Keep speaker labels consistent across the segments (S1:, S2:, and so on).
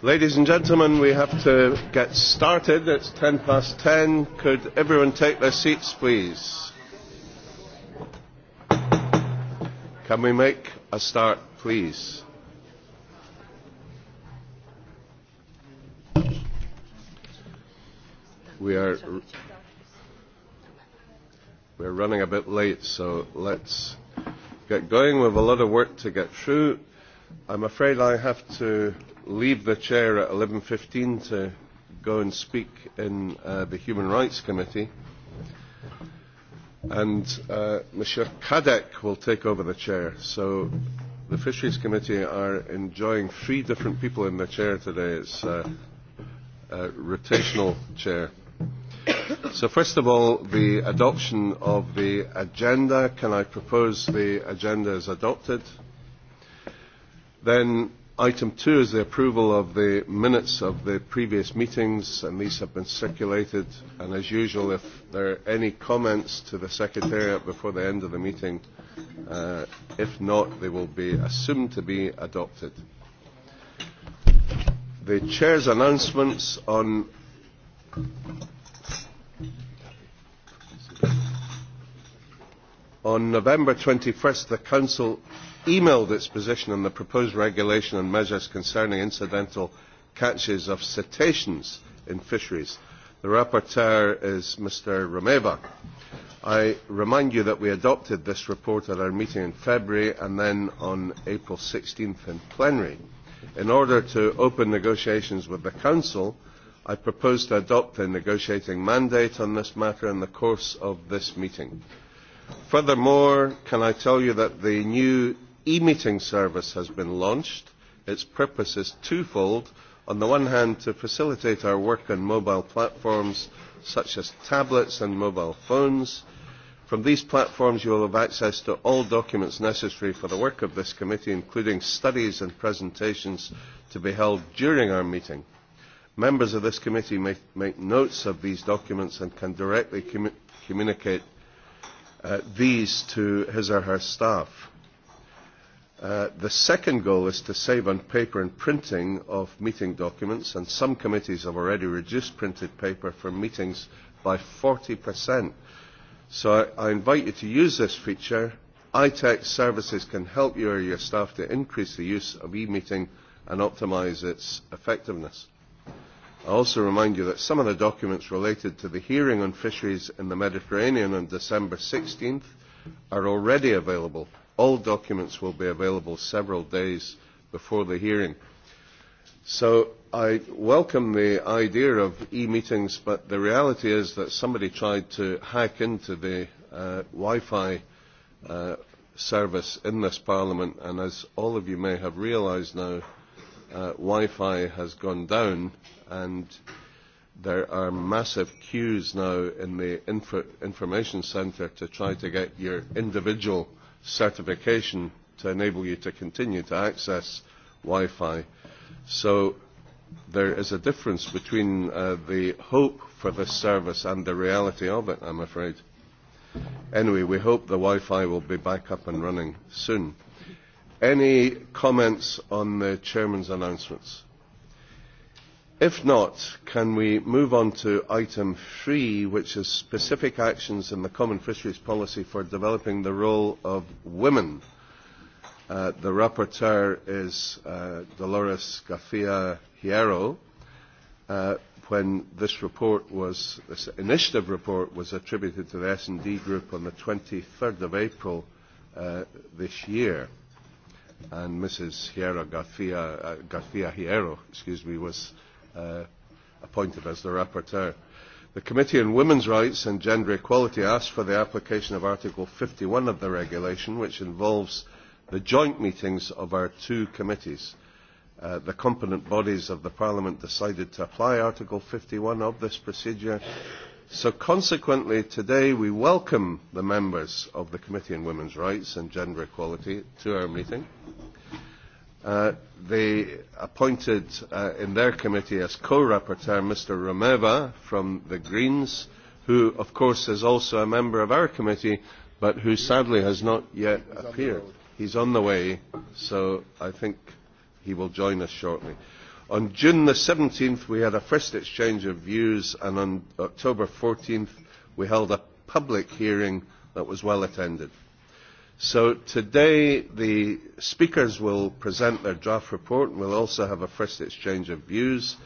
S1: Ladies and gentlemen, we have to get started. It's ten past ten. Could everyone take their seats, please? Can we make a start, please? We are we're running a bit late, so let's get going. We have a lot of work to get through. I'm afraid I have to leave the chair at 11.15 to go and speak in uh, the Human Rights Committee. And uh, Mr. Kadek will take over the chair. So the Fisheries Committee are enjoying three different people in the chair today. It's uh, a rotational chair. So first of all, the adoption of the agenda. Can I propose the agenda is adopted? Then item two is the approval of the minutes of the previous meetings, and these have been circulated. And as usual, if there are any comments to the Secretariat before the end of the meeting, uh, if not, they will be assumed to be adopted. The Chair's announcements on on November 21st, the Council emailed its position on the proposed regulation and measures concerning incidental catches of cetaceans in fisheries. The rapporteur is Mr Romeva. I remind you that we adopted this report at our meeting in February and then on April 16th in plenary. In order to open negotiations with the Council, I propose to adopt a negotiating mandate on this matter in the course of this meeting. Furthermore, can I tell you that the new e-meeting service has been launched. Its purpose is twofold. On the one hand, to facilitate our work on mobile platforms such as tablets and mobile phones. From these platforms, you will have access to all documents necessary for the work of this committee, including studies and presentations to be held during our meeting. Members of this committee may make notes of these documents and can directly commu communicate uh, these to his or her staff the second goal is to save on paper and printing of meeting documents, and some committees have already reduced printed paper for meetings by 40%. So I, I invite you to use this feature. ITEC services can help you or your staff to increase the use of e-meeting and optimise its effectiveness. I also remind you that some of the documents related to the hearing on fisheries in the Mediterranean on December 16th are already available – All documents will be available several days before the hearing. So I welcome the idea of e-meetings, but the reality is that somebody tried to hack into the uh, Wi-Fi uh, service in this Parliament, and as all of you may have realised now, uh, Wi-Fi has gone down, and there are massive queues now in the info information centre to try to get your individual uh, certification to enable you to continue to access Wi-Fi. So there is a difference between uh, the hope for this service and the reality of it, I'm afraid. Anyway, we hope the Wi-Fi will be back up and running soon. Any comments on the chairman's announcements? If not, can we move on to item three, which is specific actions in the Common Fisheries Policy for developing the role of women? Uh, the rapporteur is uh, Dolores Garcia Hierro. Uh, when this report was, this initiative report was attributed to the S&D group on the 23rd of April uh, this year and Mrs. Hierro Gafia, uh, Garcia Hierro, excuse me, was uh, appointed as the rapporteur. The Committee on Women's Rights and Gender Equality asked for the application of Article 51 of the regulation, which involves the joint meetings of our two committees. Uh, the competent bodies of the Parliament decided to apply Article 51 of this procedure. So consequently, today we welcome the members of the Committee on Women's Rights and Gender Equality to our meeting. Uh, they appointed in their committee as co-rapporteur Mr Romeva from the Greens, who of course is also a member of our committee, but who sadly has not yet appeared. On He's on the way, so I think he will join us shortly. On June the 17th, we had a first exchange of views, and on October 14th, we held a public hearing that was well attended. So today the speakers will present their draft report and we'll also have a first exchange of views.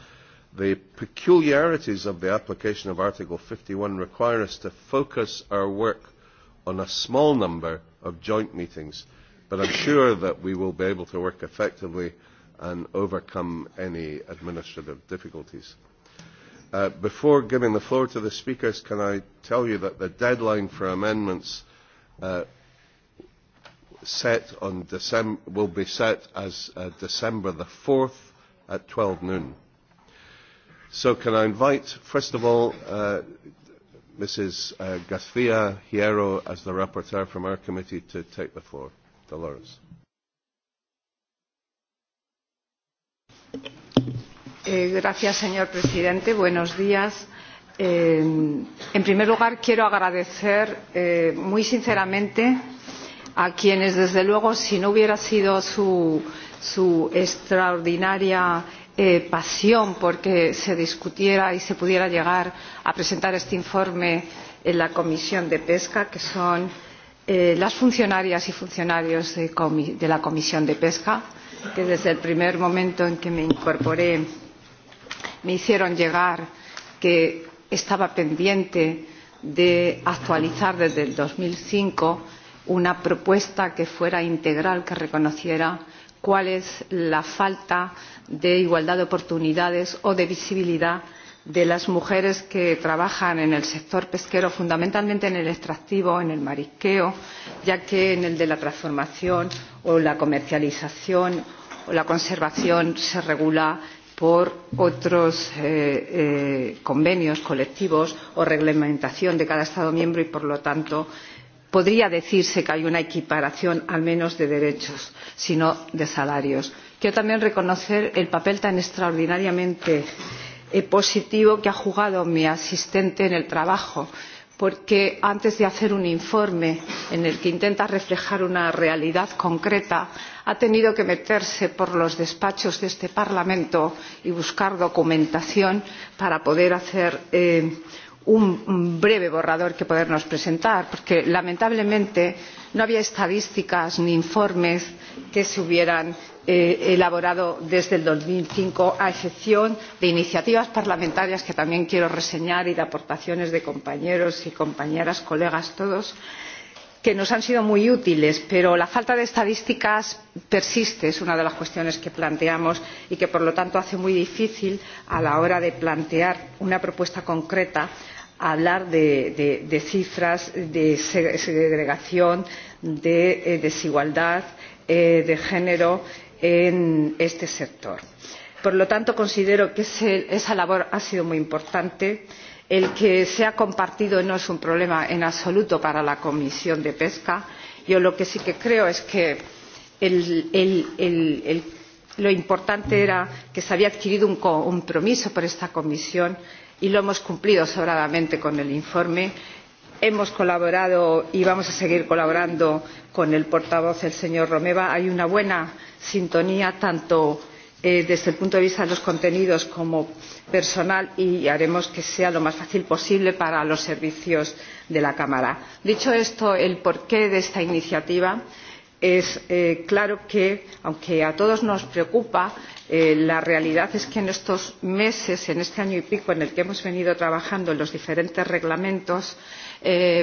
S1: The peculiarities of the application of Article 51 require us to focus our work on a small number of joint meetings, but I'm sure that we will be able to work effectively and overcome any administrative difficulties. Uh, before giving the floor to the speakers, can I tell you that the deadline for amendments uh, set on December, will be set as uh, December the 4th at 12 noon. So can I invite, first of all, uh, Mrs. Uh, Garcia Hierro as the rapporteur from our committee to take the floor. Dolores.
S2: Gracias, señor presidente. Buenos días. en primer lugar, quiero agradecer muy sinceramente a quienes, desde luego, si no hubiera sido su, extraordinaria pasión porque se discutiera y se pudiera llegar a presentar este informe en la Comisión de Pesca, que son las funcionarias y funcionarios de la Comisión de Pesca, que desde el primer momento en que me incorporé me hicieron llegar que estaba pendiente de actualizar desde dos mil cinco una propuesta que fuera integral, que reconociera cuál es la falta de igualdad de oportunidades o de visibilidad de las mujeres que trabajan en el sector pesquero, fundamentalmente en el extractivo, en el marisqueo, ya que en el de la transformación o la comercialización o la conservación se regula por otros convenios colectivos o reglamentación de cada Estado miembro y, por lo tanto, podría decirse que hay una equiparación al menos de derechos si no de salarios. quiero también reconocer el papel tan extraordinariamente positivo que ha jugado mi asistente en el trabajo porque antes de hacer un informe en el que intenta reflejar una realidad concreta ha tenido que meterse por los despachos de este parlamento y buscar documentación para poder hacer un un breve borrador que podernos presentar porque lamentablemente no había estadísticas ni informes que se hubieran elaborado desde dos mil cinco a excepción de iniciativas parlamentarias que también quiero reseñar y de aportaciones de compañeros y compañeras colegas todos que que nos han sido muy útiles pero la falta de estadísticas persiste es una de las cuestiones que planteamos y que por lo tanto hace muy difícil a la hora de plantear una propuesta concreta hablar de cifras de segregación de desigualdad de género en este sector. por lo tanto considero que esa labor ha sido muy importante y el que se ha compartido no es un problema en absoluto para la comisión de pesca. yo lo que sí que creo es que lo importante era que se había adquirido un compromiso por esta comisión y lo hemos cumplido sobradamente con el informe. hemos colaborado y vamos a seguir colaborando con el portavoz el señor romeva. hay una buena sintonía tanto desde el punto de vista de los contenidos como personal y haremos que sea lo más fácil posible para los servicios de la cámara. dicho esto el porqué de esta iniciativa es claro que aunque a todos nos preocupa la realidad es que en estos meses en este año y pico en el que hemos venido trabajando en los diferentes reglamentos hemos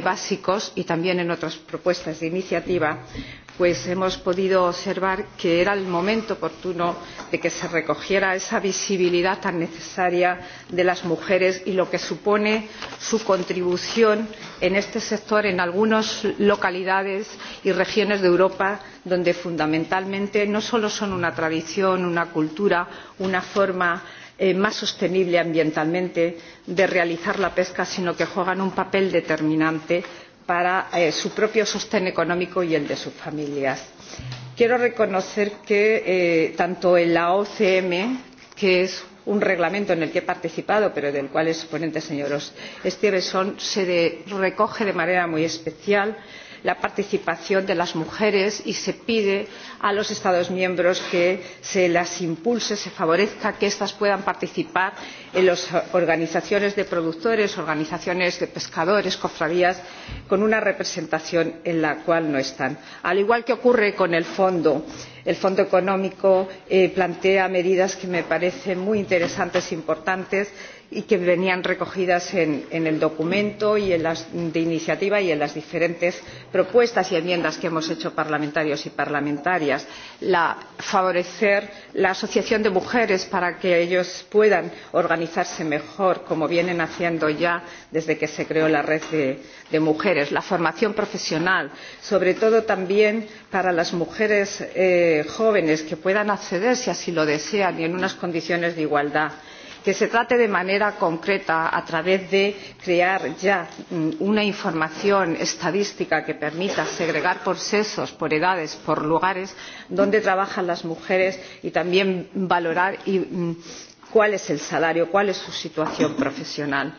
S2: básicos y también en otras propuestas de iniciativa hemos podido observar que era el momento oportuno de que se recogiera esa visibilidad tan necesaria de las mujeres y lo que supone su contribución en este sector en algunas localidades y regiones de europa donde fundamentalmente no solo son una tradición una cultura una forma de más sostenible ambientalmente de realizar la pesca sino que juegan un papel determinante para su propio sostén económico y el de sus familias. quiero reconocer que tanto en la ocm que es un reglamento en el que he participado pero del cual es ponente el señor stevenson se recoge de manera muy especial la la participación de las mujeres y se pide a los estados miembros que se las impulse se favorezca que éstas puedan participar en las organizaciones de productores organizaciones de pescadores cofradías con una representación en la cual no están al igual que ocurre con el fondo el fondo económico plantea medidas que me parecen muy interesantes e importantes como y que venían recogidas en, el documento de iniciativa y en las diferentes propuestas y enmiendas que hemos hecho parlamentarios y parlamentarias favorecer la asociación de mujeres para que ellas puedan organizarse mejor como vienen haciendo ya desde que se creó la red de, mujeres la formación profesional sobre todo también para las mujeres jóvenes que puedan acceder si así lo desean y en unas condiciones de igualdad a que se trate de manera concreta a través de crear ya una información estadística que permita segregar por sexos por edades por lugares dónde trabajan las mujeres y también valorar cuál es el salario cuál es su situación profesional.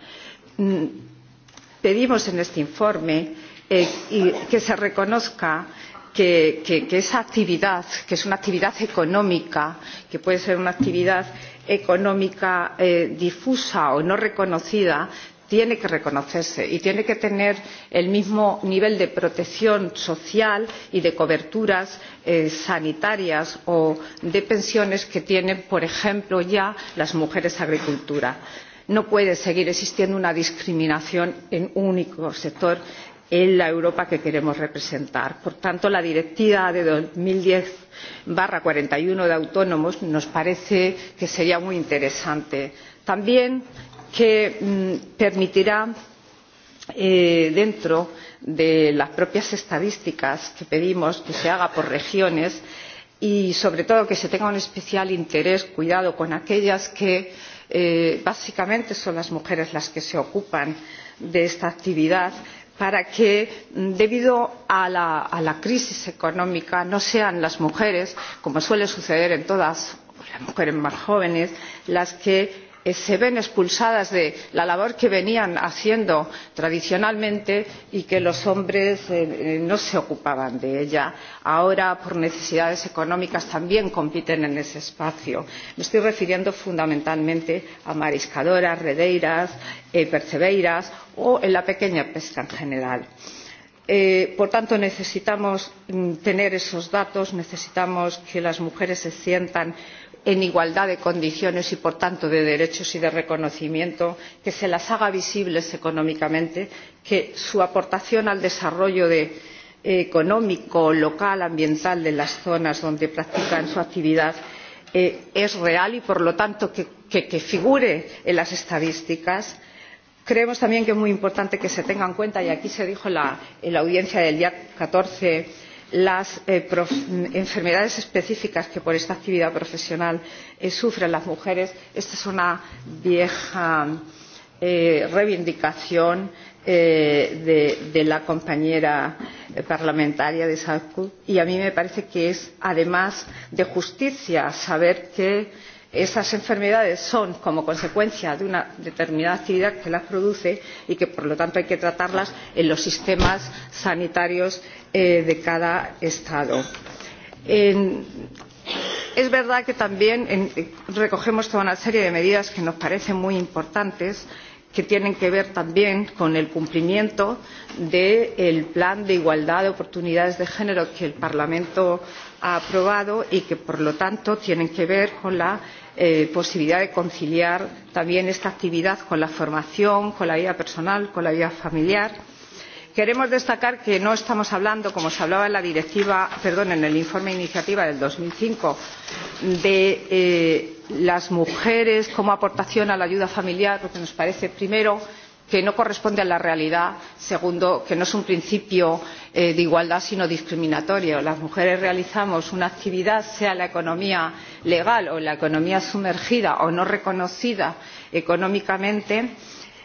S2: pedimos en este informe que se reconozca que esa actividad que es una actividad económica que puede ser una actividad económica difusa o no reconocida tiene que reconocerse y tiene que tener el mismo nivel de protección social y de coberturas sanitarias o de pensiones que tienen por ejemplo ya las mujeres agricultoras. no puede seguir existiendo una discriminación en un único sector en la europa que queremos representar. por tanto la directiva de dos mil diez cuarenta y uno de autónomos nos parece que sería muy interesante. también que permitirá dentro de las propias estadísticas que pedimos que se hagan por regiones y sobre todo que se tenga un especial interés cuidado con aquellas que básicamente son las mujeres las que se ocupan de esta actividad que para que debido a la crisis económica no sean las mujeres como suele suceder en todas las mujeres más jóvenes las que se ven expulsadas de la labor que venían haciendo tradicionalmente y que los hombres no se ocupaban de ella. ahora por necesidades económicas también compiten en ese espacio. me estoy refiriendo fundamentalmente a mariscadoras redeiras percebeiras o a la pequeña pesca en general por tanto necesitamos tener esos datos necesitamos que las mujeres se sientan en igualdad de condiciones y por tanto de derechos y de reconocimiento que se las haga visibles económicamente que su aportación al desarrollo económico local ambiental de las zonas donde practican su actividad es real y por lo tanto que figure en las estadísticas. creemos también que es muy importante que se tenga en cuenta y aquí se dijo en la audiencia del día catorce de las enfermedades específicas que por esta actividad profesional sufren las mujeres esta es una vieja reivindicación de la compañera parlamentaria de sadku y a mí me parece que es además de justicia saber que esas enfermedades son como consecuencia de una determinada actividad que las produce y que por lo tanto hay que tratarlas en los sistemas sanitarios de cada estado. es verdad que también recogemos toda una serie de medidas que nos parecen muy importantes que tienen que ver también con el cumplimiento del plan de igualdad de oportunidades de género que el parlamento ha aprobado y que por lo tanto tienen que ver con la posibilidad de conciliar también esta actividad con la formación con la vida personal con la vida familiar. queremos destacar que no estamos hablando como se hablaba en el informe de iniciativa de dos mil cinco de las mujeres como aportación a la ayuda familiar porque nos parece primero que que no corresponde a la realidad segundo que no es un principio de igualdad sino discriminatorio las mujeres realizamos una actividad sea la economía legal o la economía sumergida o no reconocida económicamente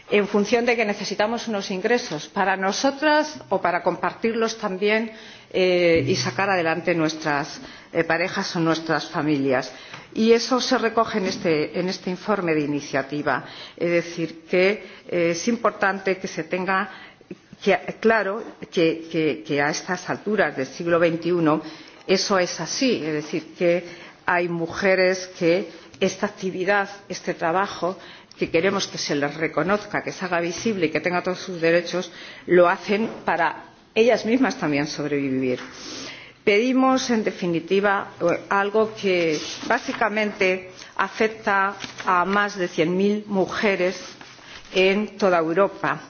S2: en función de que necesitamos unos ingresos para nosotras o para compartirlos también y sacar adelante nuestras parejas o nuestras familias. por y eso se recoge en este, informe de iniciativa. Es decir, que es importante que se tenga claro que, a estas alturas del siglo XXI eso es así, es decir, que hay mujeres que esta actividad, este trabajo que queremos que se les reconozca, que se haga visible y que tenga todos sus derechos, lo hacen para ellas mismas también sobrevivir. Eh, pedimos en definitiva algo que básicamente afecta a más de cien mil mujeres en toda europa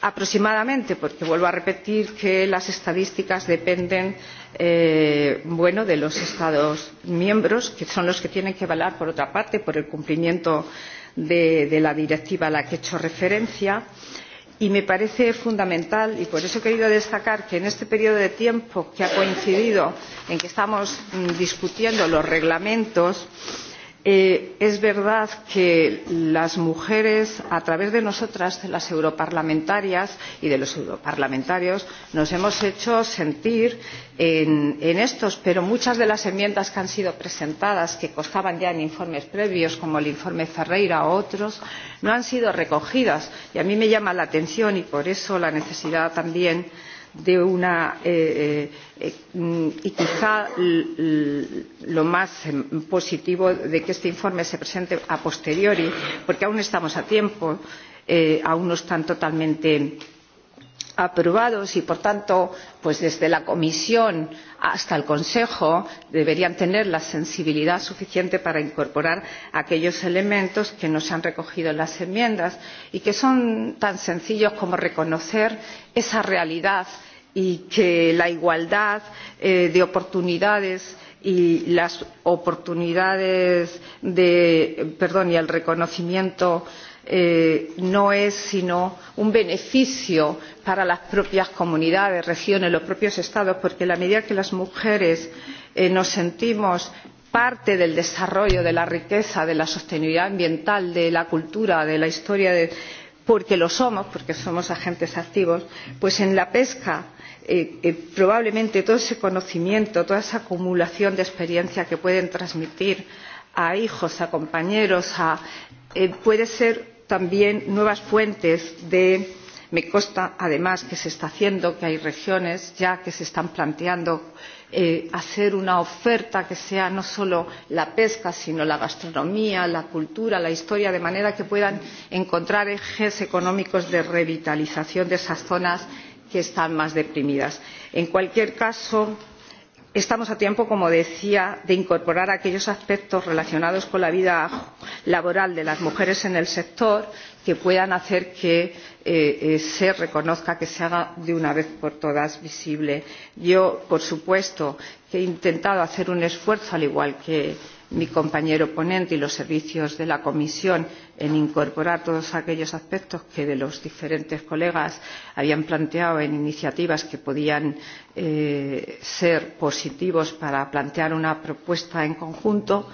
S2: aproximadamente porque vuelvo a repetir que las estadísticas dependen de los estados miembros que son los que tienen que velar por otra parte por el cumplimiento de la directiva a la que he hecho referencia y y me parece fundamental y por eso he querido destacar que en este periodo de tiempo que ha coincidido en que estamos discutiendo los reglamentos hemos es verdad que las mujeres a través de nosotras de las europarlamentarias y de los europarlamentarios nos hemos hecho sentir en estos pero muchas de las enmiendas que han sido presentadas que constaban ya en informes previos como el informe ferreira u otros no han sido recogidas y a mí me llama la atención y por eso la necesidad también de de una y quizá lo más positivo de que este informe se presente a posteriori porque aún estamos a tiempo aún no están totalmente aprobados y por tanto desde la comisión hasta el consejo deberían tener la sensibilidad suficiente para incorporar aquellos elementos que no se han recogido en las enmiendas y que son tan sencillos como reconocer esa realidad y que la igualdad de oportunidades y las oportunidades de perdón y el reconocimiento de no es sino un beneficio para las propias comunidades regiones los propios estados porque en la medida en que las mujeres nos sentimos parte del desarrollo de la riqueza de la sostenibilidad ambiental de la cultura de la historia porque lo somos porque somos agentes activos pues en la pesca probablemente todo ese conocimiento toda esa acumulación de experiencia que pueden transmitir a hijos a compañeros puede ser también nuevas fuentes de me consta además que se está haciendo que hay regiones ya que se están planteando hacer una oferta que sea no solo la pesca sino la gastronomía la cultura la historia de manera que puedan encontrar ejes económicos de revitalización de esas zonas que están más deprimidas. en cualquier caso estamos a tiempo como decía de incorporar aquellos aspectos relacionados con la vida laboral de las mujeres en el sector que puedan hacer que se reconozca que se haga de una vez por todas visible. yo por supuesto he intentado hacer un esfuerzo al igual que mi compañero ponente y los servicios de la comisión en incorporar todos aquellos aspectos que los diferentes colegas habían planteado en iniciativas que podían ser positivos para plantear una propuesta en conjunto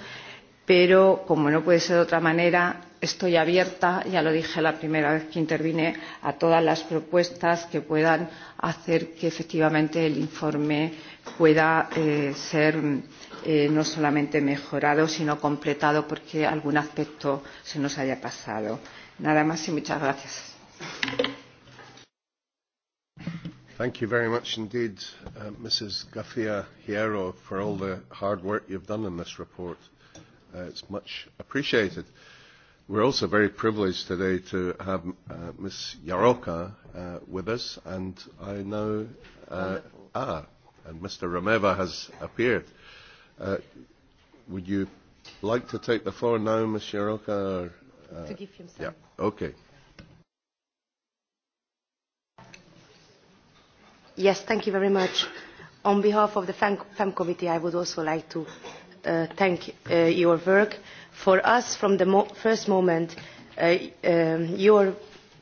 S2: pero como no puede ser de otra manera estoy abierta ya lo dije la primera vez que intervine a todas las propuestas que puedan hacer que efectivamente el informe pueda ser no solamente mejorado, sino completado porque algún aspecto se nos haya pasado. Nada más y muchas gracias.
S1: Thank you very much indeed, uh, Mrs. Gafia Hierro, for all the hard work you've done in this report. Uh, it's much appreciated. We're also very privileged today to have uh, Ms. Yaroka uh, with us, and I know. Uh, ah, and Mr. Romeva has appeared. Uh, would you like to take the floor now, Ms. Shiroka? Or, uh, to give him some. Yeah, okay.
S3: Yes, thank you very much. On behalf of the FEM committee, I would also like to uh, thank uh, your work. For us, from the mo first moment, uh, um, your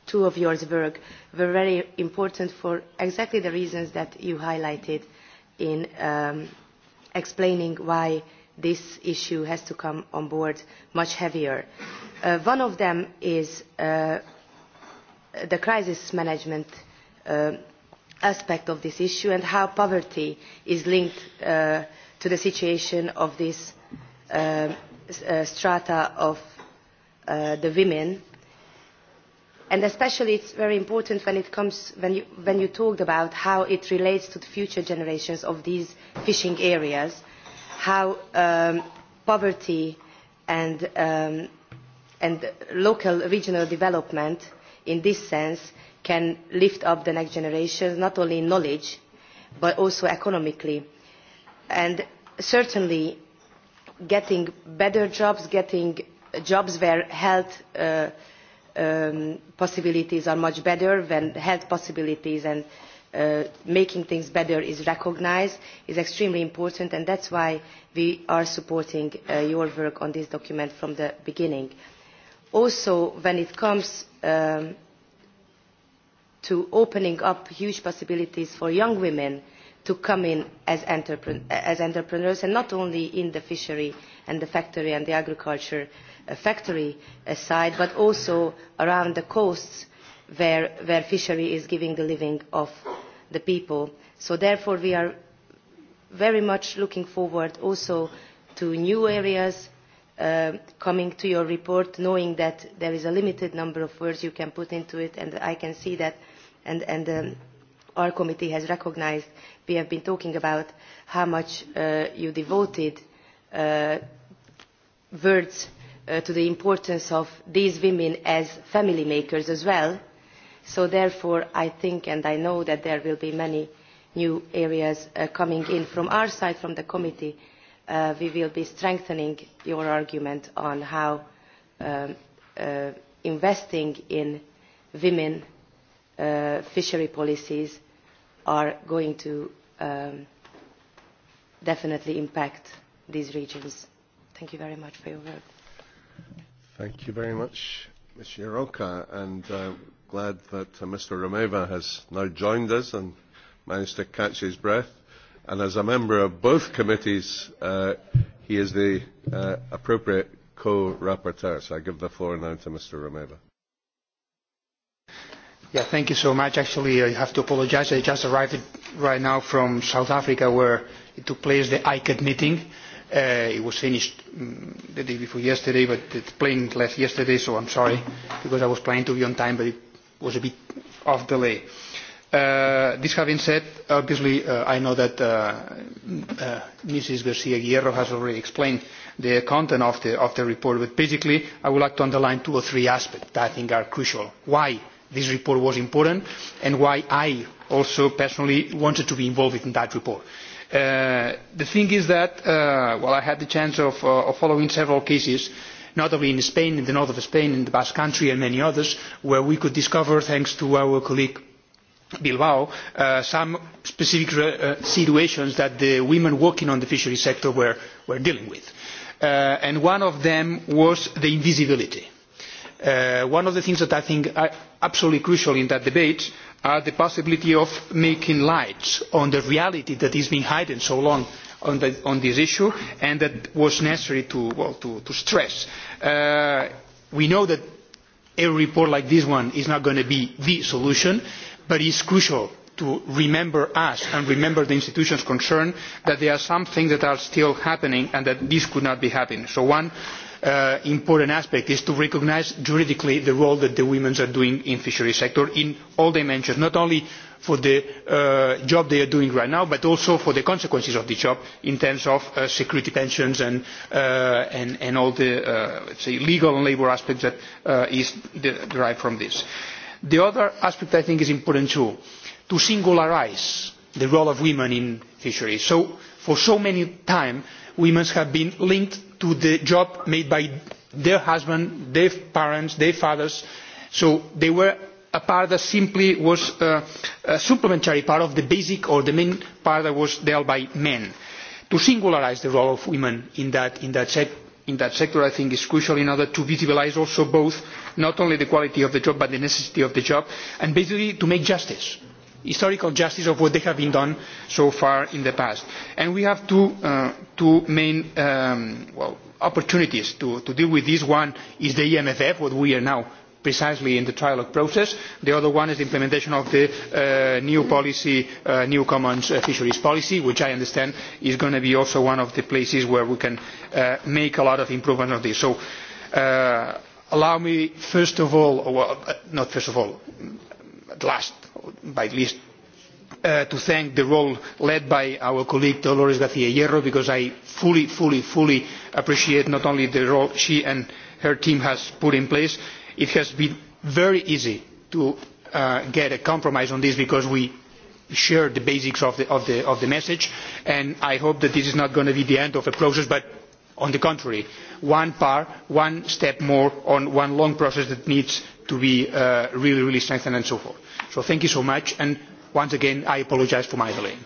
S3: two of yours work were very important for exactly the reasons that you highlighted in um, explaining why this issue has to come on board much heavier. one of them is the crisis management aspect of this issue and how poverty is linked to the situation of this strata of the women and especially it is very important when, it comes, when, you, when you talked about how it relates to the future generations of these fishing areas, how poverty and, and local regional development in this sense can lift up the next generation, not only in knowledge, but also economically. And certainly getting better jobs, getting jobs where health possibilities are much better when health possibilities and making things better is recognised is extremely important and that is why we are supporting your work on this document from the beginning. Also, when it comes to opening up huge possibilities for young women to come in as, entrepreneurs and not only in the fishery and the factory and the agriculture uh, factory side, but also around the coasts where, where fishery is giving the living of the people. So therefore we are very much looking forward also to new areas coming to your report, knowing that there is a limited number of words you can put into it, and I can see that, and, and um, our committee has recognized, we have been talking about how much uh, you devoted uh, words to the importance of these women as family makers as well. So therefore, I think and I know that there will be many new areas coming in. From our side, from the committee, we will be strengthening your argument on how investing in women fishery policies are going to definitely impact these regions. Thank you very much for your work.
S1: Thank you very much, Ms. Yaroka, and uh, glad that uh, Mr. Romeva has now joined us and managed to catch his breath. And as a member of both committees, uh, he is the uh, appropriate co-rapporteur. So I give the floor now to Mr. Romeva.
S4: Yeah, thank you so much. Actually, I have to apologize. I just arrived right now from South Africa where it took place the ICAT meeting Uh it was finished the day before yesterday, but the plane left yesterday, so I'm sorry, because I was planning to be on time, but it was a bit of delay. This having said, obviously, I know that Mrs. Garcia Guerrero has already explained the content of the report, but basically, I would like to underline two or three aspects that I think are crucial. Why this report was important and why I also personally wanted to be involved in that report the thing is that, well, I had the chance of, following several cases, notably in Spain, in the north of Spain, in the Basque Country and many others, where we could discover, thanks to our colleague Bilbao, some specific situations that the women working on the fisheries sector were, were dealing with. and one of them was the invisibility. one of the things that I think are absolutely crucial in that debate the possibility of making light on the reality that has been hidden so long on, this issue and that was necessary to, stress. we know that a report like this one is not going to be the solution, but it is crucial to remember us and remember the institutions concerned that there are some things that are still happening and that this could not be happening. So one important aspect is to recognise juridically the role that women are doing in the fisheries sector in all dimensions not only for the job they are doing right now but also for the consequences of the job in terms of security pensions and all the legal and labour aspects that are derived from this. the other aspect i think is important too to singularise the role of women in fisheries. for so many times women have been linked to the job made by their husbands, their parents, their fathers. So they were a part that simply was a supplementary part of the basic or the main part that was dealt by men. To singularise the role of women in that, in that in that sector i think is crucial in order to visibilise also both not only the quality of the job but the necessity of the job and basically to make justice historical justice of what they have done so far in the past. And we have two, main opportunities to, deal with this. One is the EMFF, what we are now precisely in the trialogue process. The other one is the implementation of the new policy, new common fisheries policy, which I understand is going to be also one of the places where we can make a lot of improvement on this. So allow me first of all, not first of all, at last, by at least to thank the role led by our colleague Dolores garca Hierro because I fully, fully, fully appreciate not only the role she and her team have put in place. It has been very easy to get a compromise on this because we share the basics of the, message and I hope that this is not going to be the end of the process but on the contrary, one part, one step more on one long process that needs to be really, really strengthened and so forth. So thank you so much. And once again, I apologise for my delay.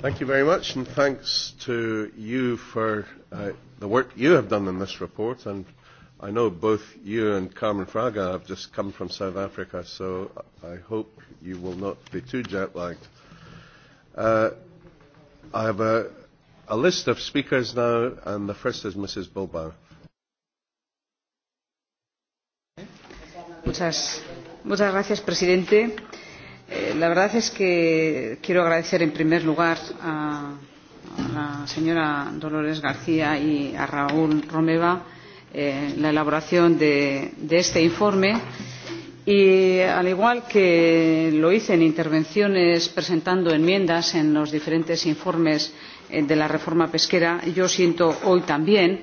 S1: Thank you very much, and thanks to you for uh, the work you have done in this report. And I know both you and Carmen Fraga have just come from South Africa, so I hope you will not be too jet lagged. Uh, I have a, a list of speakers now, and the first is Mrs. Bilbao.
S5: señor presidente la verdad es que quiero agradecer en primer lugar a la señora dolores garcía y a raül romeva la elaboración de este informe y al igual que lo hice en intervenciones presentando enmiendas en los diferentes informes de la reforma pesquera yo siento hoy también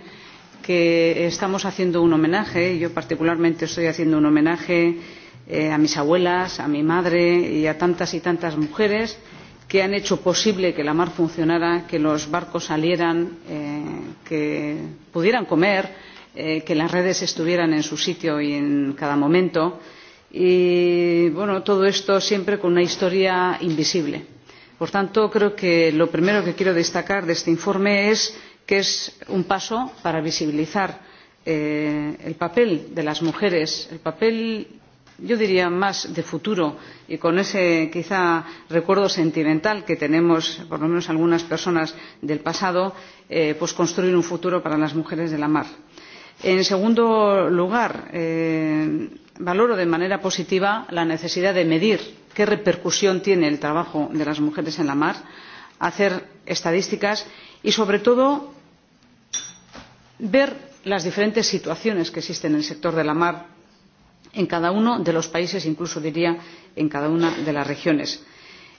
S5: que estamos haciendo un homenaje, yo particularmente estoy haciendo un homenaje a mis abuelas, a mi madre y a tantas y tantas mujeres que han hecho posible que la mar funcionara, que los barcos salieran, que pudieran comer, que las redes estuvieran en su sitio y en cada momento. Y bueno, todo esto siempre con una historia invisible. Por tanto, creo que lo primero que quiero destacar de este informe es que es un paso para visibilizar el papel de las mujeres el papel yo diría más de futuro y con ese quizá recuerdo sentimental que tenemos por lo menos algunas personas del pasado pues construir un futuro para las mujeres de la mar. en segundo lugar valoro de manera positiva la necesidad de medir qué repercusión tiene el trabajo de las mujeres en la mar hacer estadísticas y sobre todo ver las diferentes situaciones que existen en el sector de la mar en cada uno de los países incluso diría en cada una de las regiones.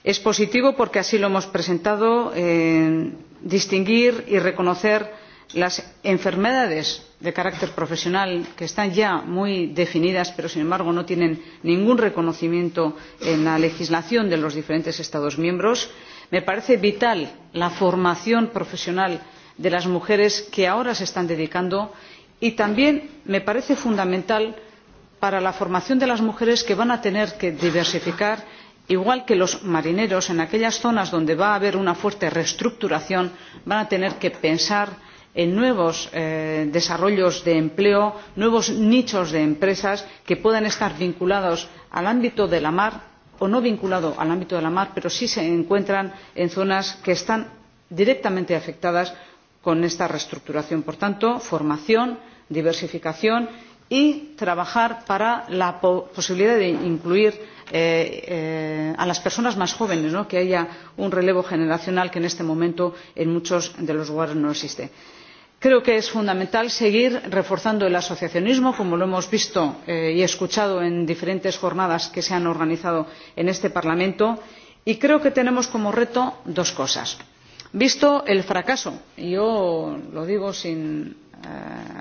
S5: es positivo porque así lo hemos presentado distinguir y reconocer las enfermedades de carácter profesional que están ya muy definidas pero sin embargo no tienen ningún reconocimiento en la legislación de los diferentes estados miembros. me parece vital la formación profesional de las mujeres que ahora se están dedicando y también me parece fundamental para la formación de las mujeres que van a tener que diversificar igual que los marineros en aquellas zonas donde va a haber una fuerte reestructuración van a tener que pensar en nuevos desarrollos de empleo nuevos nichos de empresas que puedan estar vinculados al ámbito de la mar o no vinculados al ámbito de la mar pero sí se encuentran en zonas que están directamente afectadas con esta reestructuración. por tanto formación diversificación y trabajar para la posibilidad de incluir a las personas más jóvenes que haya un relevo generacional que en este momento en muchos de los lugares no existe. creo que es fundamental seguir reforzando el asociacionismo como lo hemos visto y escuchado en diferentes jornadas que se han organizado en este parlamento y creo que tenemos como reto dos cosas visto el fracaso yo lo digo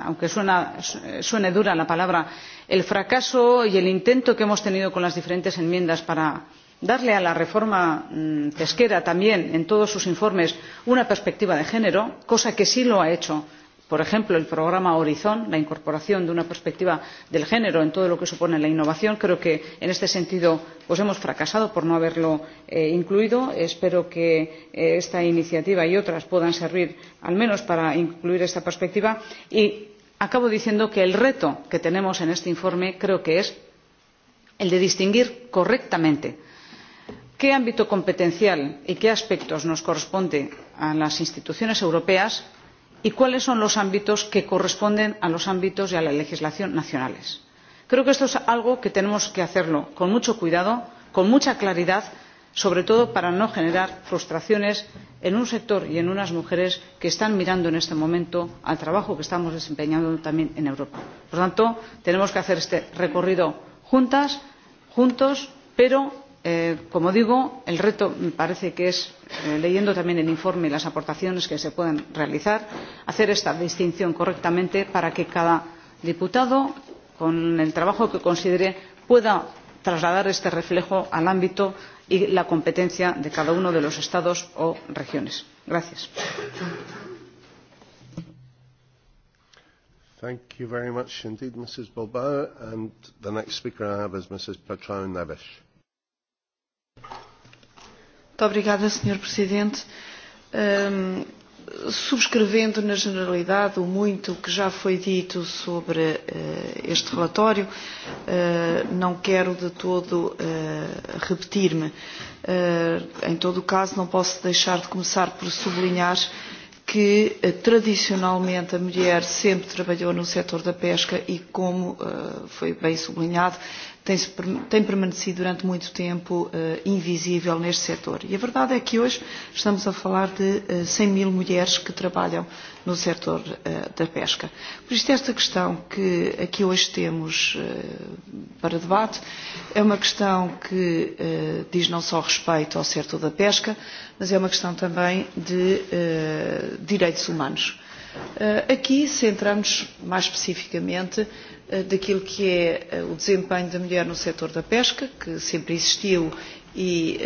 S5: aunque suene dura la palabra el fracaso y el intento que hemos tenido con las diferentes enmiendas para darle a la reforma pesquera también en todos sus informes una perspectiva de género cosa que sí ha hecho por ejemplo el programa horizon la incorporación de una perspectiva de género en todo lo que supone la innovación creo que en este sentido hemos fracasado por no haberlo incluido. espero que esta iniciativa y otras puedan servir al menos para incluir esta perspectiva y acabo diciendo que el reto que tenemos en este informe creo que es el de distinguir correctamente qué ámbito competencial y qué aspectos nos corresponde a las instituciones europeas y cuáles son los ámbitos que corresponden a los ámbitos y a la legislación nacionales. creo que esto es algo que tenemos que hacer con mucho cuidado con mucha claridad sobre todo para no generar frustraciones en un sector y en unas mujeres que están mirando en este momento al trabajo que estamos desempeñando también en europa. por tanto tenemos que hacer este recorrido juntas juntos pero como digo el reto me parece que es leyendo también el informe y las aportaciones que se pueden realizar hacer esta distinción correctamente para que cada diputado con el trabajo que considere pueda trasladar este reflejo al ámbito y la competencia de cada uno de los estados o regiones. gracias.
S1: Thank you very much indeed, Mrs. Bilbao. And the next speaker I have is Mrs. Patron Neves.
S6: Muito obrigada, Sr. Presidente. Um, subscrevendo na generalidade o muito que já foi dito sobre uh, este relatório, uh, não quero de todo uh, repetir-me. Uh, em todo o caso, não posso deixar de começar por sublinhar que tradicionalmente a mulher sempre trabalhou no setor da pesca e, como uh, foi bem sublinhado, tem, tem permanecido durante muito tempo uh, invisível neste setor. E a verdade é que hoje estamos a falar de uh, 100 mil mulheres que trabalham no setor uh, da pesca. Por isto, esta questão que aqui hoje temos uh, para debate é uma questão que uh, diz não só respeito ao setor da pesca, mas é uma questão também de uh, direitos humanos Aqui centramos mais especificamente daquilo que é o desempenho da mulher no setor da pesca, que sempre existiu e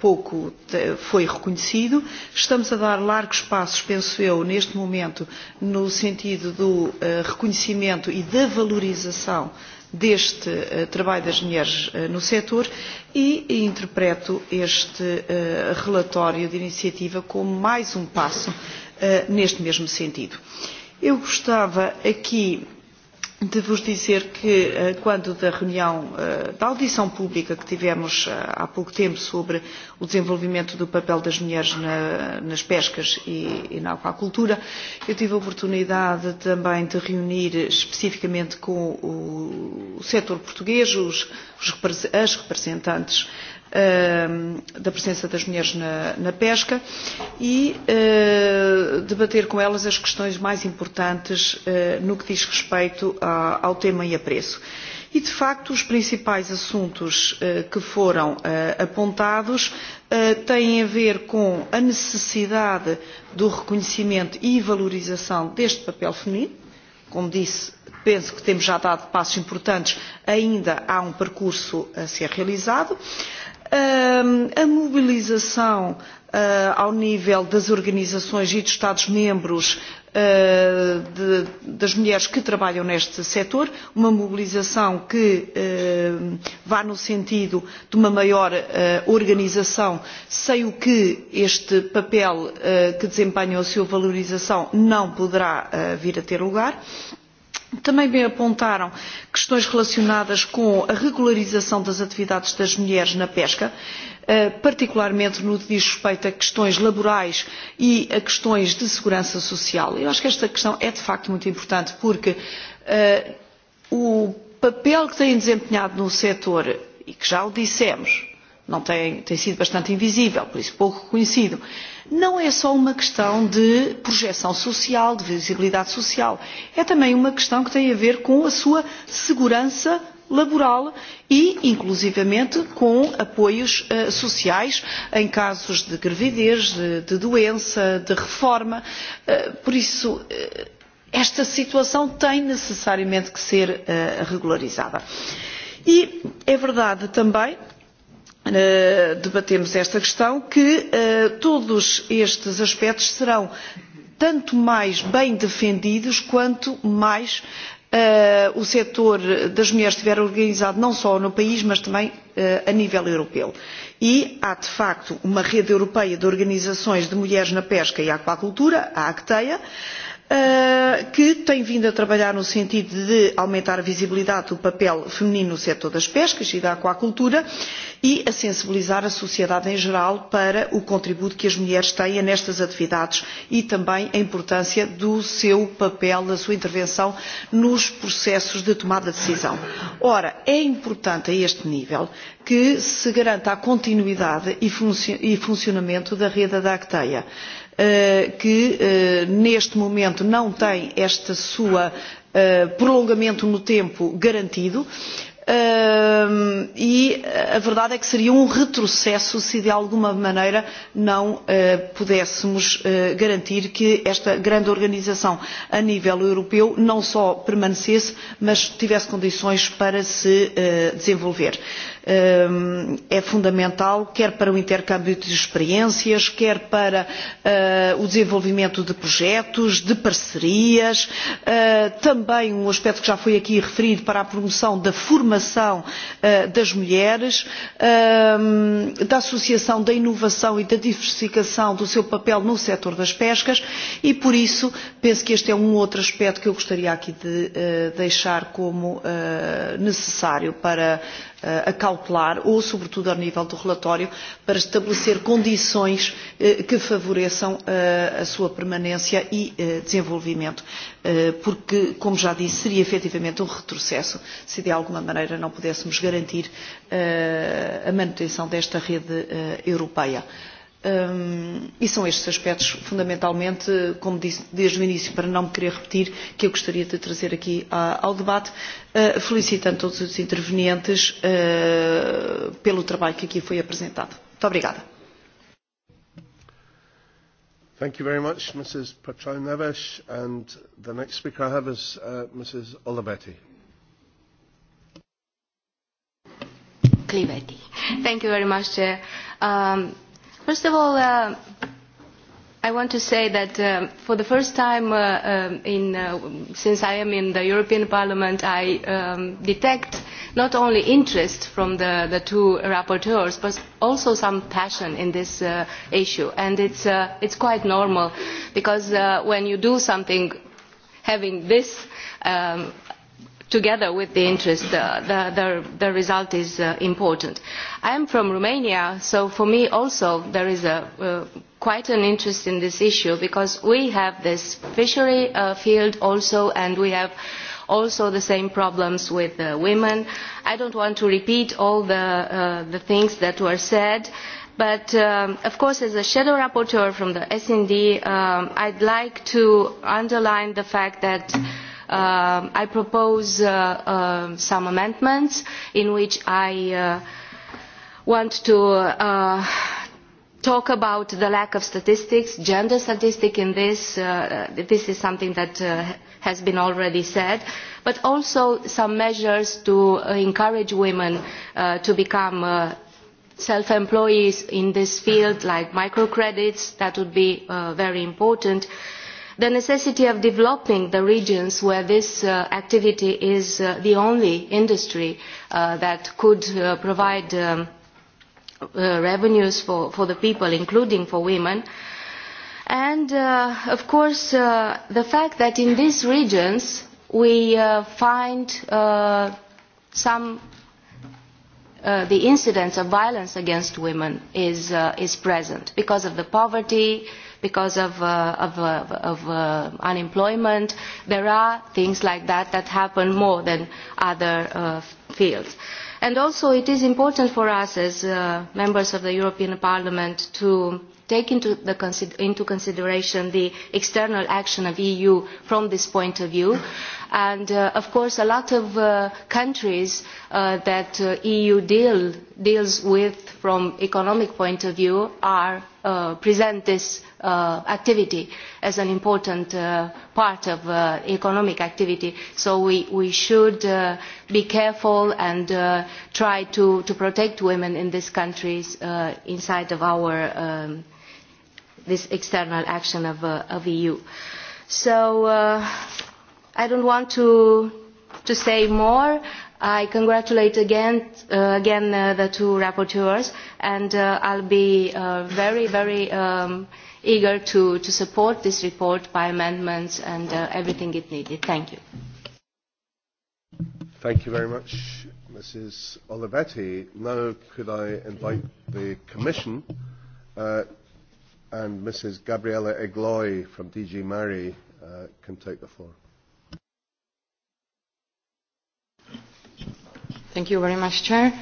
S6: pouco foi reconhecido. Estamos a dar largos passos, penso eu, neste momento, no sentido do reconhecimento e da valorização deste trabalho das mulheres no setor e interpreto este relatório de iniciativa como mais um passo neste mesmo sentido. Eu gostava aqui de vos dizer que, quando da reunião da audição pública que tivemos há pouco tempo sobre o desenvolvimento do papel das mulheres nas pescas e na aquacultura, eu tive a oportunidade também de reunir especificamente com o setor português, os, as representantes da presença das mulheres na, na pesca e uh, debater com elas as questões mais importantes uh, no que diz respeito a, ao tema e a preço. E, de facto, os principais assuntos uh, que foram uh, apontados uh, têm a ver com a necessidade do reconhecimento e valorização deste papel feminino. Como disse, penso que temos já dado passos importantes, ainda há um percurso a ser realizado. Uh, a mobilização ao nível das organizações e dos Estados membros das mulheres que trabalham neste setor, uma mobilização que vá no sentido de uma maior organização, sem o que este papel que desempenham a sua valorização não poderá vir a ter lugar. e Também bem apontaram questões relacionadas com a regularização das atividades das mulheres na pesca, particularmente no que diz respeito a questões laborais e a questões de segurança social. Eu acho que esta questão é de facto muito importante porque o papel que têm desempenhado no setor, e que já o dissemos, não tem, tem sido bastante invisível, por isso pouco conhecido, uh, não é só uma questão de projeção social, de visibilidade social. É também uma questão que tem a ver com a sua segurança laboral e, inclusivamente, com apoios sociais em casos de gravidez, de, doença, de reforma. por isso, esta situação tem necessariamente que ser regularizada. E é verdade também debatemos esta questão, que todos estes aspectos serão tanto mais bem defendidos quanto mais o setor das mulheres estiver organizado não só no país, mas também a nível europeu. E há, de facto, uma rede europeia de organizações de mulheres na pesca e aquacultura, a Acteia, que tem vindo a trabalhar no sentido de aumentar a visibilidade do papel feminino no setor das pescas e da aquacultura e a sensibilizar a sociedade em geral para o contributo que as mulheres têm nestas atividades e também a importância do seu papel, da sua intervenção nos processos de tomada de decisão. Ora, é importante a este nível que se garanta a continuidade e funcionamento da rede da Acteia que neste momento não tem este seu prolongamento no tempo garantido e a verdade é que seria um retrocesso se de alguma maneira não pudéssemos garantir que esta grande organização a nível europeu não só permanecesse mas tivesse condições para se desenvolver é fundamental, quer para o intercâmbio de experiências, quer para o desenvolvimento de projetos, de parcerias, também um aspecto que já foi aqui referido para a promoção da formação das mulheres, da associação da inovação e da diversificação do seu papel no setor das pescas e, por isso, penso que este é um outro aspecto que eu gostaria aqui de deixar como necessário para acautelar ou, sobretudo, ao nível do relatório, para estabelecer condições que favoreçam a sua permanência e desenvolvimento, porque, como já disse, seria efetivamente um retrocesso se de alguma maneira não pudéssemos garantir a manutenção desta rede europeia Um, e são estes aspectos, fundamentalmente, como disse desde o início, para não me querer repetir, que eu gostaria de trazer aqui ao debate, uh, felicitando todos os intervenientes uh, pelo trabalho que aqui foi apresentado. Muito obrigada.
S1: Thank you very much, Mrs. Patrao Neves. And the next speaker I have is uh, Mrs. Olivetti. Clivetti.
S7: Thank you very much, Chair. Um, First of all, uh, I want to say that uh, for the first time uh, um, in, uh, since I am in the European Parliament, I um, detect not only interest from the, the two rapporteurs, but also some passion in this uh, issue. And it's, uh, it's quite normal, because uh, when you do something having this um, together with the interest, the, result is important. I am from Romania, so for me also there is a, quite an interest in this issue because we have this fishery field also and we have also the same problems with women. I don't want to repeat all the, things that were said, but of course as a shadow rapporteur from the S&D, um, I'd like to underline the fact that I propose some amendments in which I want to talk about the lack of statistics, gender statistics in this. this is something that has been already said, but also some measures to encourage women to become self employees in this field, like microcredits, that would be very important. Uh, the necessity of developing the regions where this uh, activity is uh, the only industry uh, that could uh, provide um, uh, revenues for, for the people, including for women. And uh, of course, uh, the fact that in these regions we uh, find uh, some the incidence of violence against women is, uh, is present because of the poverty, because of, uh, of, uh, of uh, unemployment. There are things like that that happen more than other uh, fields. And also it is important for us as uh, members of the European Parliament to take into, the consider into consideration the external action of the EU from this point of view. And of course, a lot of countries that the EU deals with from an economic point of view are present this activity as an important part of economic activity. So we, we should be careful and try to, to protect women in these countries inside of our this external action of, uh, of EU. So I don't want to, to say more. I congratulate again, uh, again uh, the two rapporteurs, and uh, I'll be uh, very, very um, eager to, to support this report by amendments and uh, everything it needed. Thank you.
S1: Thank you very much, Mrs. Olivetti. Now, could I invite the Commission uh, and Mrs. Gabriella Egloy from DG Mari uh, can take the floor.
S8: Thank you very much, Chair.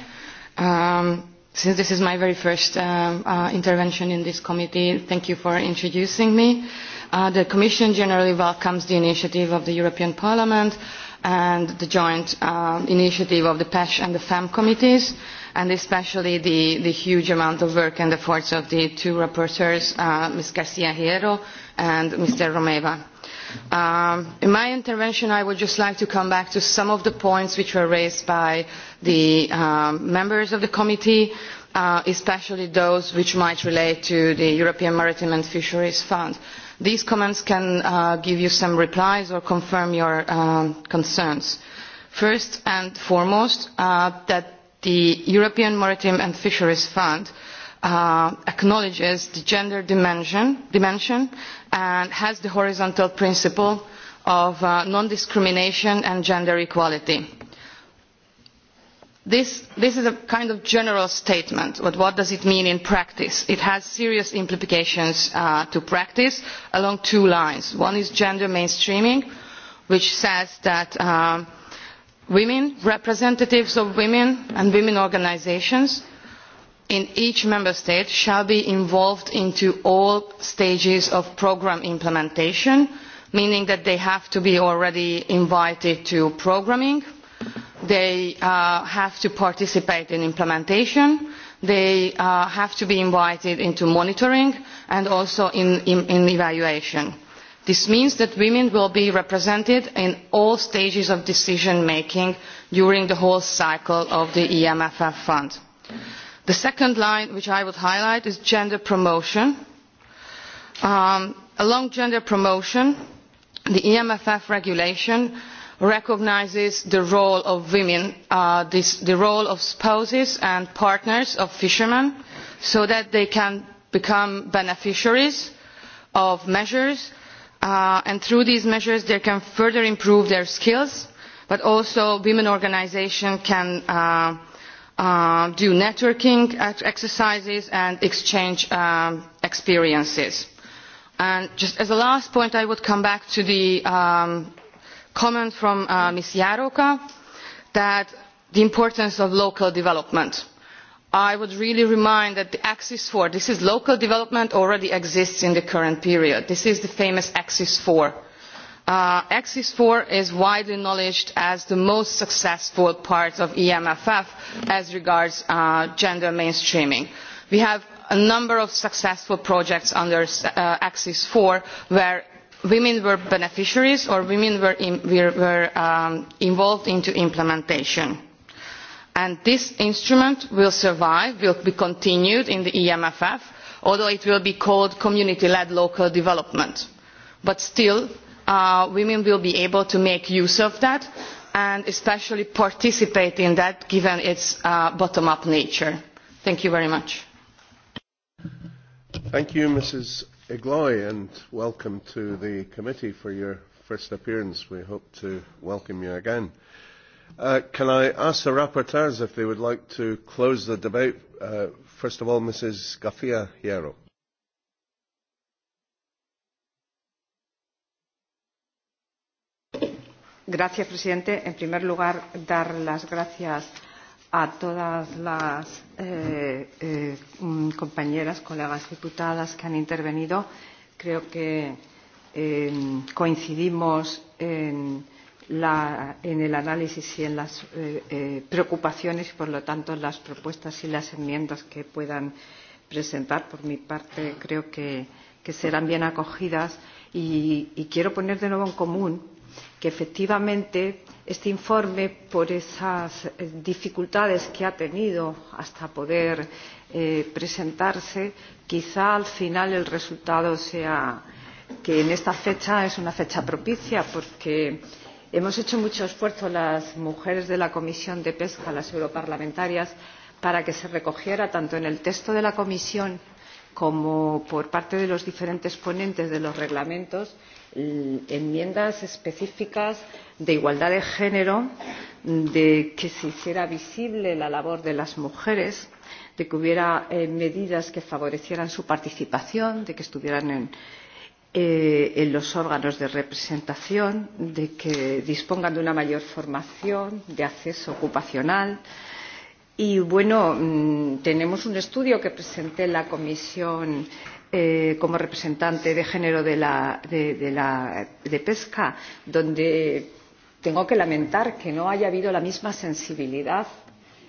S8: Um, since this is my very first uh, uh, intervention in this committee, thank you for introducing me. Uh, the Commission generally welcomes the initiative of the European Parliament and the joint uh, initiative of the PESH and the FEM committees, and especially the, the huge amount of work and efforts of the two rapporteurs, uh, Ms. Garcia Hierro and Mr. Romeva in my intervention, I would just like to come back to some of the points which were raised by the members of the committee, especially those which might relate to the European Maritime and Fisheries Fund. These comments can give you some replies or confirm your concerns. First and foremost, the European Maritime and Fisheries Fund acknowledges the gender dimension, and has the horizontal principle of non-discrimination and gender equality. This, is a kind of general statement, but what does it mean in practice? It has serious implications to practice along two lines. One is gender mainstreaming, which says that women, representatives of women and women organisations in each member state shall be involved in all stages of programme implementation meaning that they have to be already invited to programming they have to participate in implementation they have to be invited into monitoring and also in, evaluation. This means that women will be represented in all stages of decision making during the whole cycle of the EMFF fund the second line which i would highlight is gender promotion. along gender promotion the emff regulation recognises the role of women the role of spouses and partners of fishermen so that they can become beneficiaries of measures and through these measures they can further improve their skills but also women organisations can do networking exercises and exchange um, experiences. And just as a last point, I would come back to the um, comment from uh, Ms. Jaroka that the importance of local development. I would really remind that the Axis 4, this is local development already exists in the current period. This is the famous Axis 4 axis four is widely acknowledged as the most successful part of emff as regards gender mainstreaming. we have a number of successful projects under axis four where women were beneficiaries or women were involved in implementation and this instrument will survive will be continued in the emff although it will be called community led local development but still women will be able to make use of that and especially participate in that given its bottom up nature. Thank you very much.
S1: Thank you, Mrs. Igloy, and welcome to the committee for your first appearance. We hope to welcome you again. Uh, can I ask the rapporteurs if they would like to close the debate? Uh, first of all, Mrs. Gafia Hierro.
S2: Señor presidente. En primer lugar, dar las gracias a todas las compañeras, colegas diputadas que han intervenido. Creo que coincidimos en, el análisis y en las preocupaciones y, por lo tanto, las propuestas y las enmiendas que puedan presentar. Por mi parte, creo que, serán bien acogidas y quiero poner de nuevo en común que efectivamente este informe, por esas dificultades que ha tenido hasta poder presentarse, quizá al final el resultado sea que en esta fecha es una fecha propicia porque hemos hecho mucho esfuerzo las mujeres de la Comisión de Pesca, las europarlamentarias, para que se recogiera tanto en el texto de la Comisión como por parte de los diferentes ponentes de los reglamentos enmiendas específicas de igualdad de género de que se hiciera visible la labor de las mujeres de que hubiera medidas que favorecieran su participación de que estuvieran en, en los órganos de representación, de que dispongan de una mayor formación, de acceso ocupacional, eh, Y bueno, tenemos un estudio que presenté en la comisión eh, como representante de género de, la, de, de, la, de pesca, donde tengo que lamentar que no haya habido la misma sensibilidad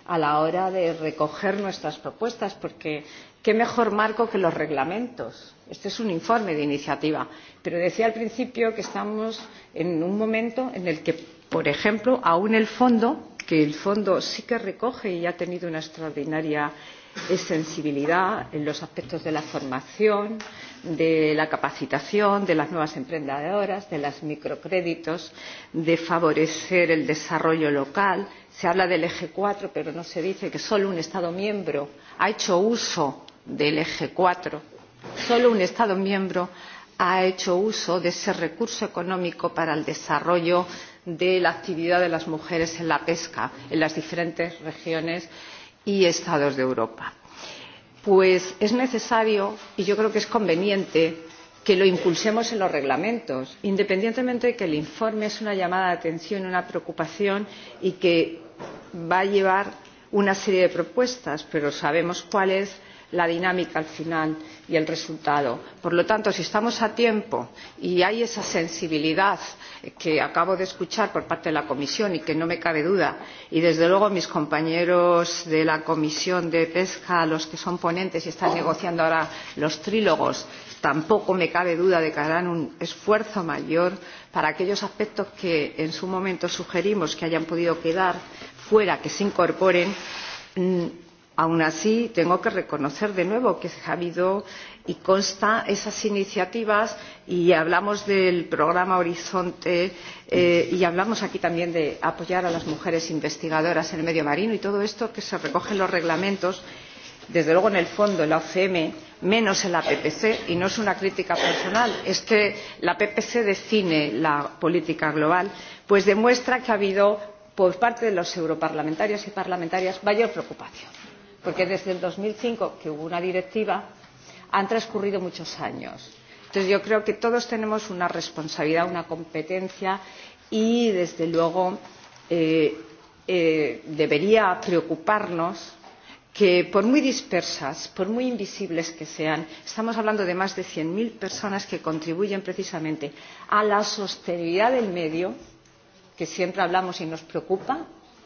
S2: a la hora de recoger nuestras propuestas, porque qué mejor marco que los reglamentos. Este es un informe de iniciativa, pero decía al principio que estamos en un momento en el que, por ejemplo, aún el fondo que el fondo sí que recoge y ha tenido una extraordinaria sensibilidad en los aspectos de la formación de la capacitación de las nuevas emprendedoras de los microcréditos de favorecer el desarrollo local se habla del eje cuatro pero no se dice que solo un estado miembro ha hecho uso del eje cuatro solo un estado miembro ha hecho uso de ese recurso económico para el desarrollo de de la actividad de las mujeres en la pesca en las diferentes regiones y estados de Europa. Pues es necesario y yo creo que es conveniente que lo impulsemos en los reglamentos, independientemente de que el informe es una llamada de atención, una preocupación y que va a llevar una serie de propuestas, pero sabemos cuál es la dinámica al final y el resultado. Por lo tanto, si estamos a tiempo y hay esa sensibilidad que acabo de escuchar por parte de la Comisión y que no me cabe duda, y desde luego mis compañeros de la Comisión de Pesca, los que son ponentes y están negociando ahora los trílogos, tampoco me cabe duda de que harán un esfuerzo mayor para aquellos aspectos que en su momento sugerimos que hayan podido quedar fuera que se incorporen aun así tengo que reconocer de nuevo que ha habido y consta esas iniciativas y hablamos del programa horizonte y hablamos aquí también de apoyar a las mujeres investigadoras en el medio marino y todo esto que se recoge en los reglamentos desde luego en el fondo en la ocm menos en la ppc y no es una crítica personal es que la ppc define la política global pues demuestra que ha habido por parte de los europarlamentarios y parlamentarias mayor preocupación porque desde dos mil cinco que hubo una directiva han transcurrido muchos años. entonces yo creo que todos tenemos una responsabilidad una competencia y desde luego debería preocuparnos que por muy dispersas por muy invisibles que sean estamos hablando de más de cien mil personas que contribuyen precisamente a la sostenibilidad del medio que siempre hablamos y nos preocupa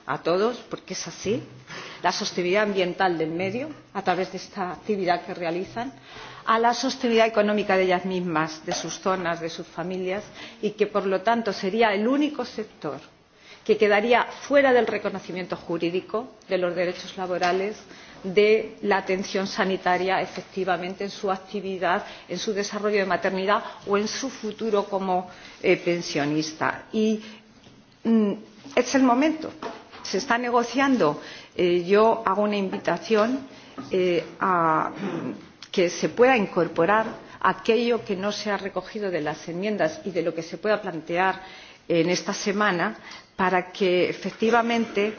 S2: a todos, porque es así, la sostenibilidad ambiental del medio a través de esta actividad que realizan, a la sostenibilidad económica de ellas mismas, de sus zonas, de sus familias, y que, por lo tanto, sería el único sector que quedaría fuera del reconocimiento jurídico de los derechos laborales de la atención sanitaria efectivamente en su actividad en su desarrollo de maternidad o en su futuro como pensionista y es el momento. Se está negociando. yo hago una invitación a que se pueda incorporar aquello que no se ha recogido de las enmiendas y de lo que se pueda plantear en esta semana para que efectivamente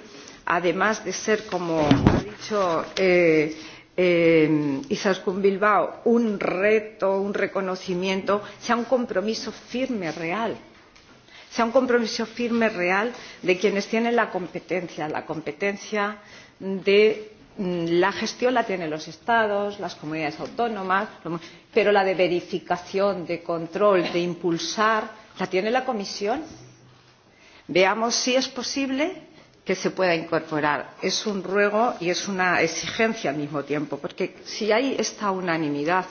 S2: además de ser como ha dicho izaskun bilbao un reto un reconocimiento sea un compromiso firme real sea un compromiso firme real de quienes tienen la competencia la competencia de la gestión la tienen los estados las comunidades autónomas pero la de verificación de control de impulsar la tiene la comisión veamos si es posible que se pueda incorporar. es un ruego y es una exigencia al mismo tiempo porque si hay esta unanimidad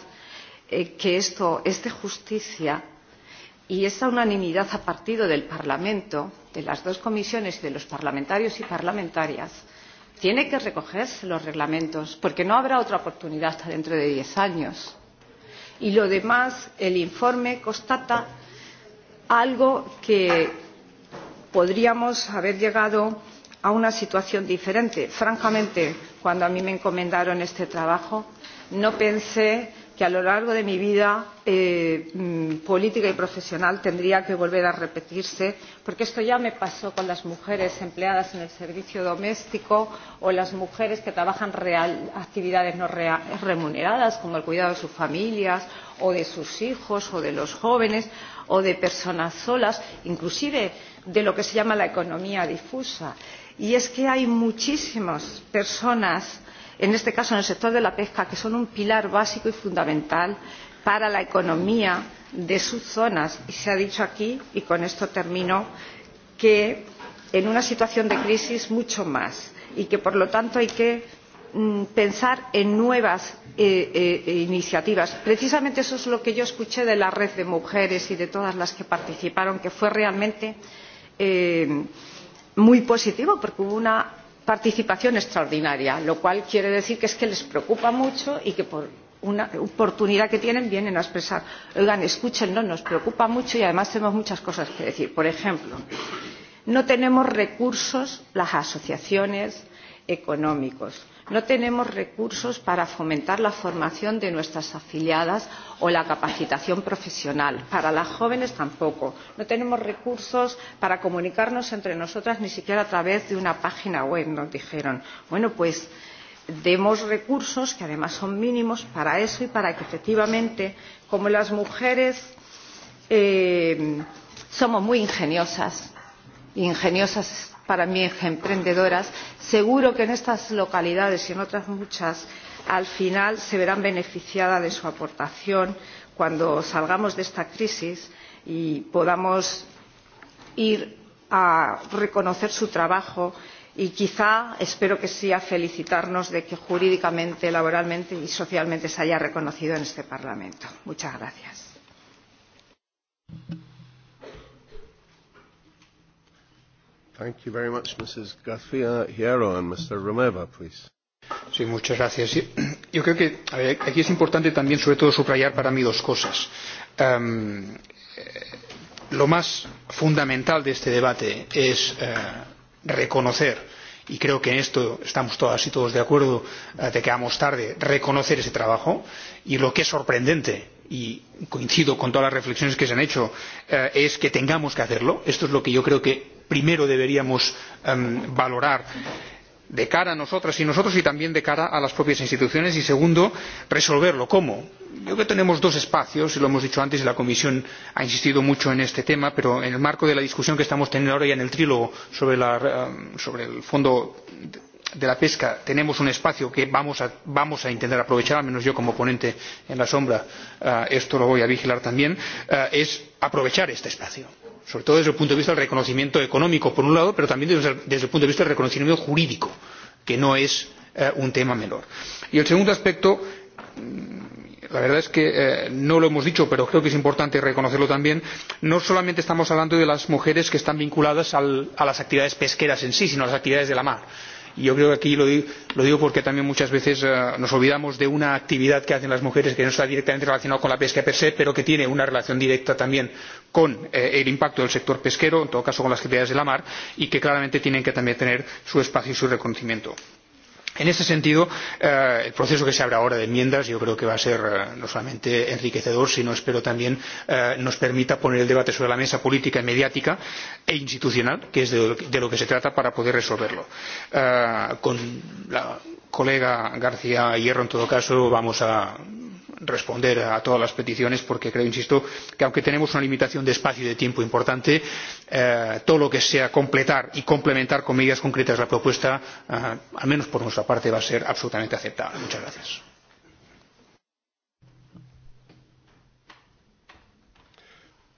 S2: en que esto es de justicia y esa unanimidad ha partido del Parlamento, de las dos comisiones y de los parlamentarios y parlamentarias, tiene que recogerse los reglamentos, porque no habrá otra oportunidad hasta dentro de diez años. Y lo demás, el informe constata algo que podríamos haber llegado a una situación diferente. Francamente, cuando a mí me encomendaron este trabajo, no pensé que a lo largo de mi vida política y profesional tendría que volver a repetirse porque esto ya me pasó con las mujeres empleadas en el servicio doméstico o las mujeres que trabajan actividades no remuneradas como el cuidado de sus familias o de sus hijos o de los jóvenes o de personas solas inclusive de lo que se llama la economía difusa y es que hay muchísimas personas que en este caso en el sector de la pesca que son un pilar básico y fundamental para la economía de sus zonas y se ha dicho aquí y con esto termino que en una situación de crisis mucho más y que por lo tanto hay que pensar en nuevas iniciativas. precisamente eso es lo que yo escuché de la red de mujeres y de todas las que participaron que fue realmente muy positivo porque hubo una participación extraordinaria lo cual quiere decir que les preocupa mucho y que por una oportunidad que tienen vienen a expresar oigan escúchennos nos preocupa mucho y además tenemos muchas cosas que decir. por ejemplo no tenemos recursos las asociaciones económicos no tenemos recursos para fomentar la formación de nuestras afiliadas o la capacitación profesional para las jóvenes tampoco no tenemos recursos para comunicarnos entre nosotras ni siquiera a través de una página web nos dijeron. bueno pues demos recursos que además son mínimos para eso y para que efectivamente como las mujeres somos muy ingeniosas ingeniosas para mí emprendedoras seguro que en estas localidades y en otras muchas al final se verán beneficiadas de su aportación cuando salgamos de esta crisis y podamos ir a reconocer su trabajo y quizá espero que sí a felicitarnos de que jurídicamente laboralmente y socialmente se haya reconocido en este parlamento. muchas gracias.
S1: Thank
S4: you very much, Mrs. García Hierro and Mr. Romeva, please. Sí, muchas gracias. Yo creo que aquí es importante también, sobre todo, subrayar para mí dos cosas. Um, lo más fundamental de este debate es uh, reconocer y creo que en esto estamos todas y todos de acuerdo de que vamos tarde reconocer ese trabajo y lo que es sorprendente y coincido con todas las reflexiones que se han hecho es que tengamos que hacerlo esto es lo que yo creo que primero deberíamos valorar de cara a nosotras y nosotros y también de cara a las propias instituciones y segundo resolverlo. cómo? yo creo que tenemos dos espacios y lo hemos dicho antes y la comisión ha insistido mucho en este tema pero en el marco de la discusión que estamos teniendo ahora y en el trílogo sobre el fondo de la pesca tenemos un espacio que vamos a, intentar aprovechar, al menos yo como ponente en la sombra esto lo voy a vigilar también, es aprovechar este espacio sobre todo desde el punto de vista del reconocimiento económico por un lado pero también desde el punto de vista del reconocimiento jurídico que no es un tema menor. y el segundo aspecto la verdad es que no lo hemos dicho pero creo que es importante reconocerlo también no solamente estamos hablando de las mujeres que están vinculadas a las actividades pesqueras en sí sino a las actividades de la mar y yo creo que aquí lo, digo porque también muchas veces nos olvidamos de una actividad que hacen las mujeres que no está directamente relacionada con la pesca per se, pero que tiene una relación directa también con el impacto del sector pesquero, en todo caso con las actividades de la mar, y que claramente tienen que también tener su espacio y su reconocimiento. En ese sentido, el proceso que se abre ahora de enmiendas yo creo que va a ser no solamente enriquecedor, sino espero también nos permita poner el debate sobre la mesa política, mediática e institucional, que es de lo que se trata para poder resolverlo. con la colega García Hierro, en todo caso, vamos a responder a todas las peticiones porque creo, insisto, que aunque tenemos una limitación de espacio y de tiempo importante, todo lo que sea completar y complementar con medidas concretas la propuesta, al menos por nuestra parte, va a ser absolutamente aceptable. Muchas gracias.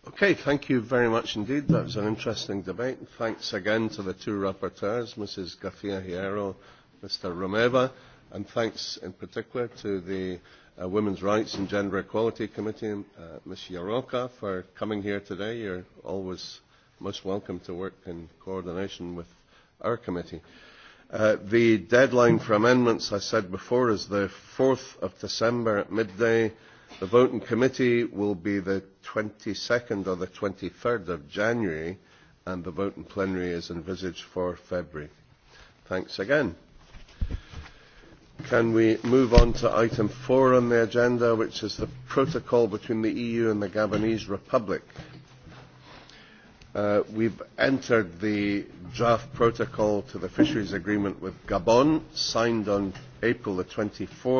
S1: Okay, thank you very much indeed. That was an interesting debate. Thanks again to the two rapporteurs, Mrs. García Hierro, Mr. Romeva, and thanks in particular to the uh, Women's Rights and Gender Equality Committee, uh, Ms. Yaroka, for coming here today. You're always most welcome to work in coordination with our committee. Uh, the deadline for amendments, I said before, is the 4th of December at midday. The vote in committee will be the 22nd or the 23rd of January, and the vote in plenary is envisaged for February. Thanks again. Can we move on to item four on the agenda, which is the protocol between the EU and the Gabonese Republic? Uh, we've entered the draft protocol to the fisheries agreement with Gabon, signed on April the 24th